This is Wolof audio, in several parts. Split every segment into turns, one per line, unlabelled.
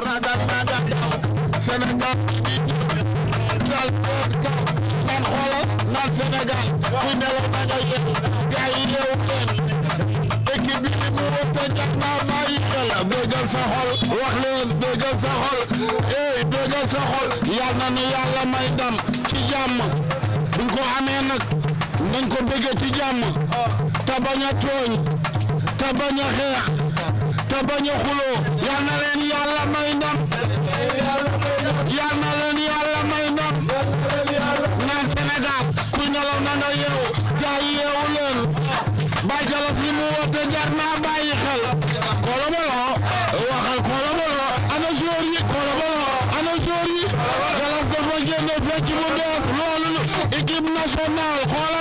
ragal ragal yow Sénégal daal seen kaw naan xoolal naan Sénégal kuy nelaw da nga yeewu gars yi bi li mu wëtte jot naa bàyyi xel dëggal sa xol wax leen dëggal sa xol eh dëggal sa xol yal ci jàmm buñ ko amee nag nañ ko ci jàmm te tooñ te xeex te bañ a xuloo yal na leen yàlla may ndam yal na leen yàlla may ndam naan Sénégal ku nelaw na nga yeewu jaay yeewu leen Baye Jalas li mu woote jar naa bàyyi xel kolobolo waxal kolobolo ana joor yi kolobolo ana joor yi Jalas dafa génne fecc mu bees loolu équipe nationale xoolal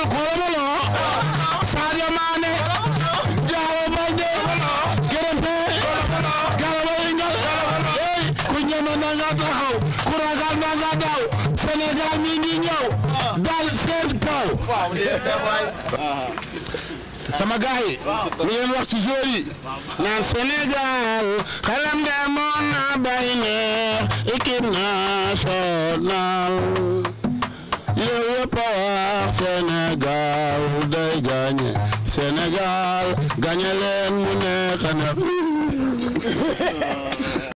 na na nga taxaw mi ngi ñëw dal seen kaw sama
gaay
yi li wax ci jour yi naan
Sénégal xalam demoon na bay neex équipe nationale yow yëpp a wax Sénégal day gagné
Sénégal gagné leen mu neex a